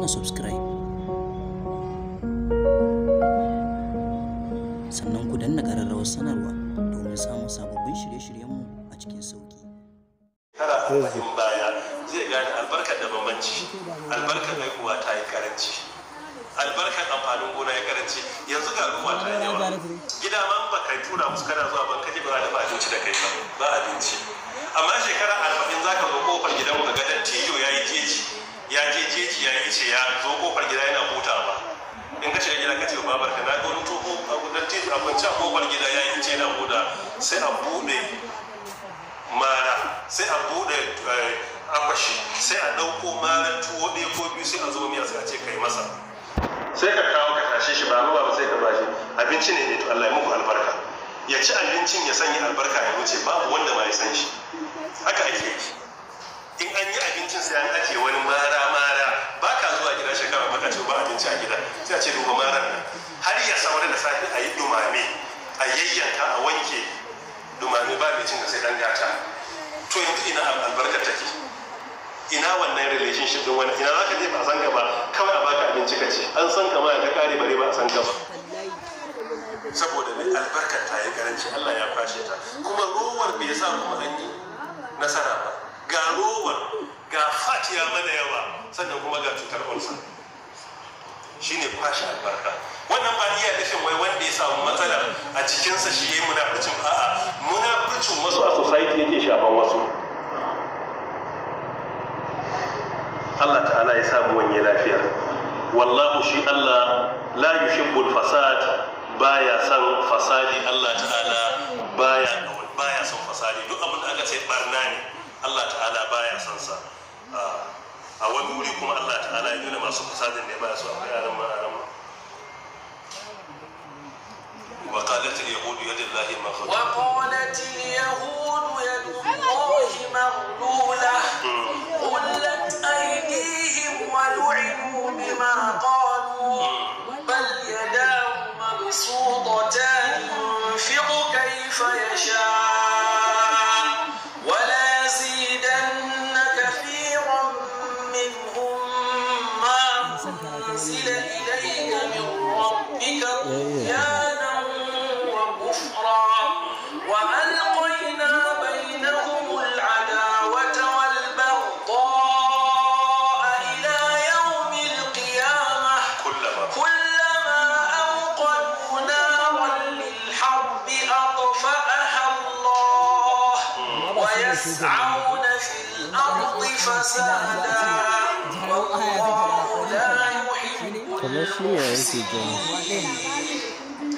na subscribe sannan ku danna ƙararrawar sanarwa domin samun sababbin shirye-shiryenmu a cikin sauƙi. Tara arba'in baya zai gane albarkar da bambanci albarkar mai kuwa ta yi karanci albarkar amfanin gona ya karanci yanzu ga ruwa ta yi yawa gida ma ba kai tura musu kana zuwa ban kaje ba za a abinci da kai ba ba abinci amma shekara arba'in za ka zo ko ya je jeji ya yi ce ya zo kofar gida yana huta ba in ka shiga gida ka ce babar ka na gani to a gudan a kwanci a kofar gida ya yi ce yana huta sai a buɗe mara sai a buɗe eh, akwashi sai a ɗauko mara tuwo ɗaya ko biyu sai a zo miya sai a ce kai masa sai ka kawo ka tashe shi ba ruwa ba sai ka bashi abinci ne ne to Allah ya muku albarka ya ci abincin ya sanya albarka ya wuce babu wanda ba ya san shi haka ake yi in an yi abincin sai an ajiye wani mara mara ba ka zuwa gida shekara maka ce ba abinci a gida sai a ce duba mara na. har ya saura da safe a yi dumame a yayyanka a wanke dumame ba mai cin da sai dan gata to yanzu ina albarkar take ina wannan relationship din wani ina za ka je ba a san gaba? kawai a baka abinci ka ci an san gaba ya ta kare bare ba a san gaba. saboda ne albarkar ta yi karanci Allah ya kwashe ta kuma ruwar bai sa kuma an yi nasara ba ga robar ga fat mana yawa sannan kuma ga cutar ulsa shine kwashe albarka wannan ba iya nufin wai wanda ya samu matsala a cikinsa shi ya yi munafurcin a'a munafurcin wasu a society yake shafan wasu Allah ta'ala ya samu wani lafiya wallahu shi Allah la yuhibbul fasad baya son fasadi Allah ta'ala baya baya son fasadi duk abin da aka sai barna ne Allah ta'ala baya son sa a wani wuri kuma Allah ta'ala ya nuna masu fasadin ne baya so akwai yaran ma yaran وقالت اليهود يد الله مغلولة وقالت اليهود يد الله مغلولة يسعون في الأرض فسادا والله لا يحب المفسدين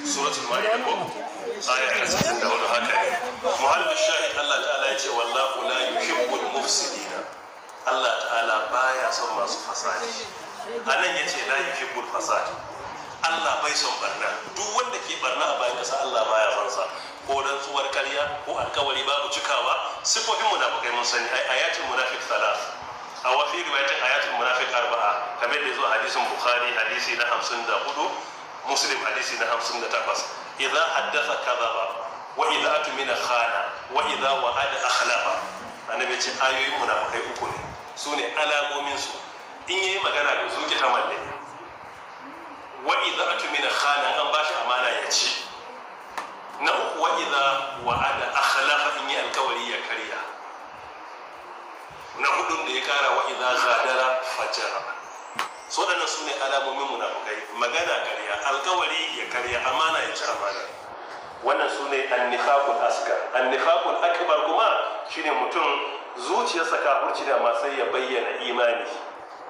سورة المائدة آية حسنة هنا هكذا معلم الشاهد الله تعالى يقول والله لا يحب المفسدين الله تعالى بايا son masu fasadi anan yace la yuhibbul fasad Allah bai son barna duk wanda ke barna a bayan kasa Allah baya fansa ko rantsuwar karya ko alkawari babu cikawa sifofin munafikai mun sani ayatul munafiq Salas, a wafi riwayatin ayatul munafiq arba'a kamar da zuwa hadisin bukhari hadisi na hamsin da hudu, muslim hadisi na hamsin da 58 idza haddatha kadhaba wa idza tumina khana wa idza wa'ada akhlafa annabi ce ayoyin munafikai uku ne su ne alamomin su in yi magana da zuki ta malle wa idza tumina khana an bashi amana ya ci fajara so waɗannan su ne alamomin munafukai magana karya alkawari ya karya amana ya ci amana wannan su ne Annifakun Askar, Annifakun akbar kuma shine mutum zuciyarsa kafirci da masu ya bayyana imani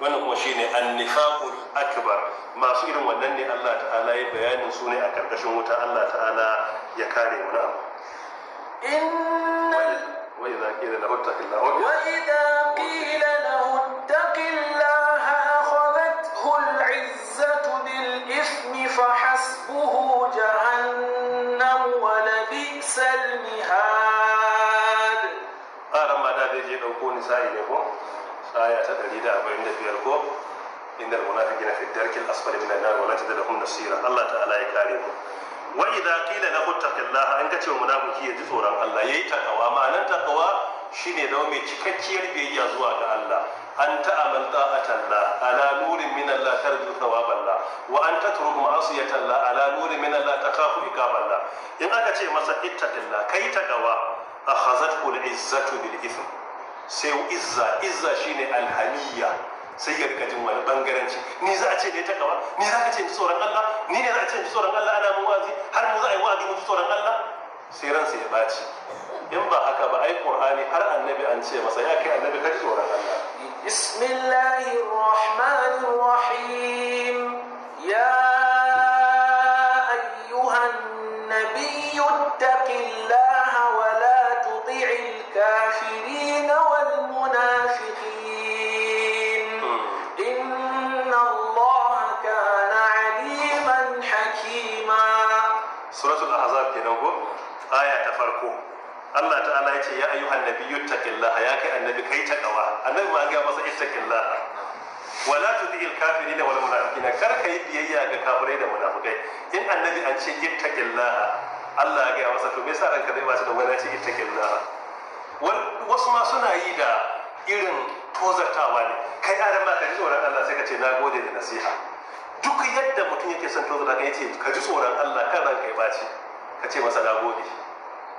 wannan kuma shine Annifakun akbar masu irin wannan ne Allah ta'ala ya bayanin su ne a karkashin wuta Allah ta'ala ya kare mu na'am innal wa idza qila lahu ittaqillah wa idza qila dauko nisa'i ne ko aya ta biyar ko innal munafiqina fi darkil asfali minan nar wa la lahum nasira Allah ta'ala ya kare mu wa idza qila lahu taqillaha an kace wa munafiki ya ji tsoron Allah yayi takawa ma'anar takawa shine zama mai cikakkiyar biyayya zuwa ga Allah an ta'amal ta'atalla ala nurin min Allah tarju thawaballa wa an tatruk ma'asiyatalla ala nurin min Allah takhafu iqaballa in aka ce masa ittaqilla kai takawa akhazatku al-izzatu bil ithm sai izza izza shine alhamiyya sai ya rika jin wani bangaranci ni za a ce da ya takawa ni za ka ce ji tsoron Allah ni ne za a ce ji tsoron Allah ana mun wazi har mu za a yi wazi mu ji tsoron Allah sai ransa ya baci in ba haka ba ai qur'ani har annabi an ce masa ya kai annabi ka ji tsoron Allah bismillahir rahmanir rahim ya ayyuhan nabiyyu ittaqillah suratul ahzab kenan ko aya ta farko Allah ta'ala ya ce ya ayyuhan nabiyyu taqillaha ya kai annabi kai ta kawa annabi ma ga masa ittaqillaha wala tudil kafirina wal munafiqina kar kai biyayya ga kafirai da munafikai in annabi an ce ittaqillaha Allah ya ga masa to me yasa ranka bai ba su da wani ce ittaqillaha wasu ma suna yi da irin tozartawa ne kai adam ma ka ji tsoron Allah sai ka ce na gode da nasiha duk yadda mutum yake son tozo daga yace ka ji tsoron Allah kan ranka ya baci ka ce masa nagode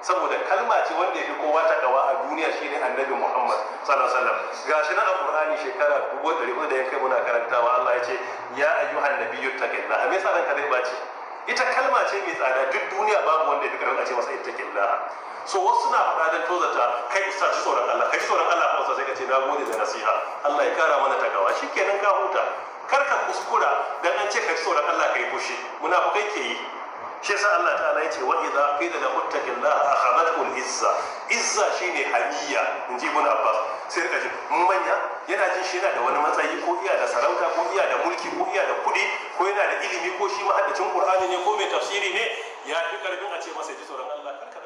saboda kalma ce wanda yake kowa ta gawa a duniya shine annabi Muhammad sallallahu alaihi wasallam gashi nan a Qur'ani shekara 1400 da ya kai muna karantawa Allah ya ce ya ayyuhan nabiyyu taqillah me yasa ranka zai baci ita kalma ce mai tsada duk duniya babu wanda yake karanta ce masa ittaqillah so wasu na faɗa don tozata kai ustaz tsoron Allah kai tsoron Allah ko sai ce da nasiha Allah ya kara mana takawa shikenan ka huta kar ka kuskura dan an ce ka ci tsoron Allah ka yi fushi munafukai ke yi shi yasa Allah ta'ala ya ce wa idza qila la muttaqillaha akhadathu al-izza izza shine hamiya ji mun Abbas sai ka ji manya yana jin shi yana da wani matsayi ko iya da sarauta ko iya da mulki ko iya da kudi ko yana da ilimi ko shi mahaddacin Qur'ani ne ko mai tafsiri ne ya fi karfin a ce masa ji tsoron Allah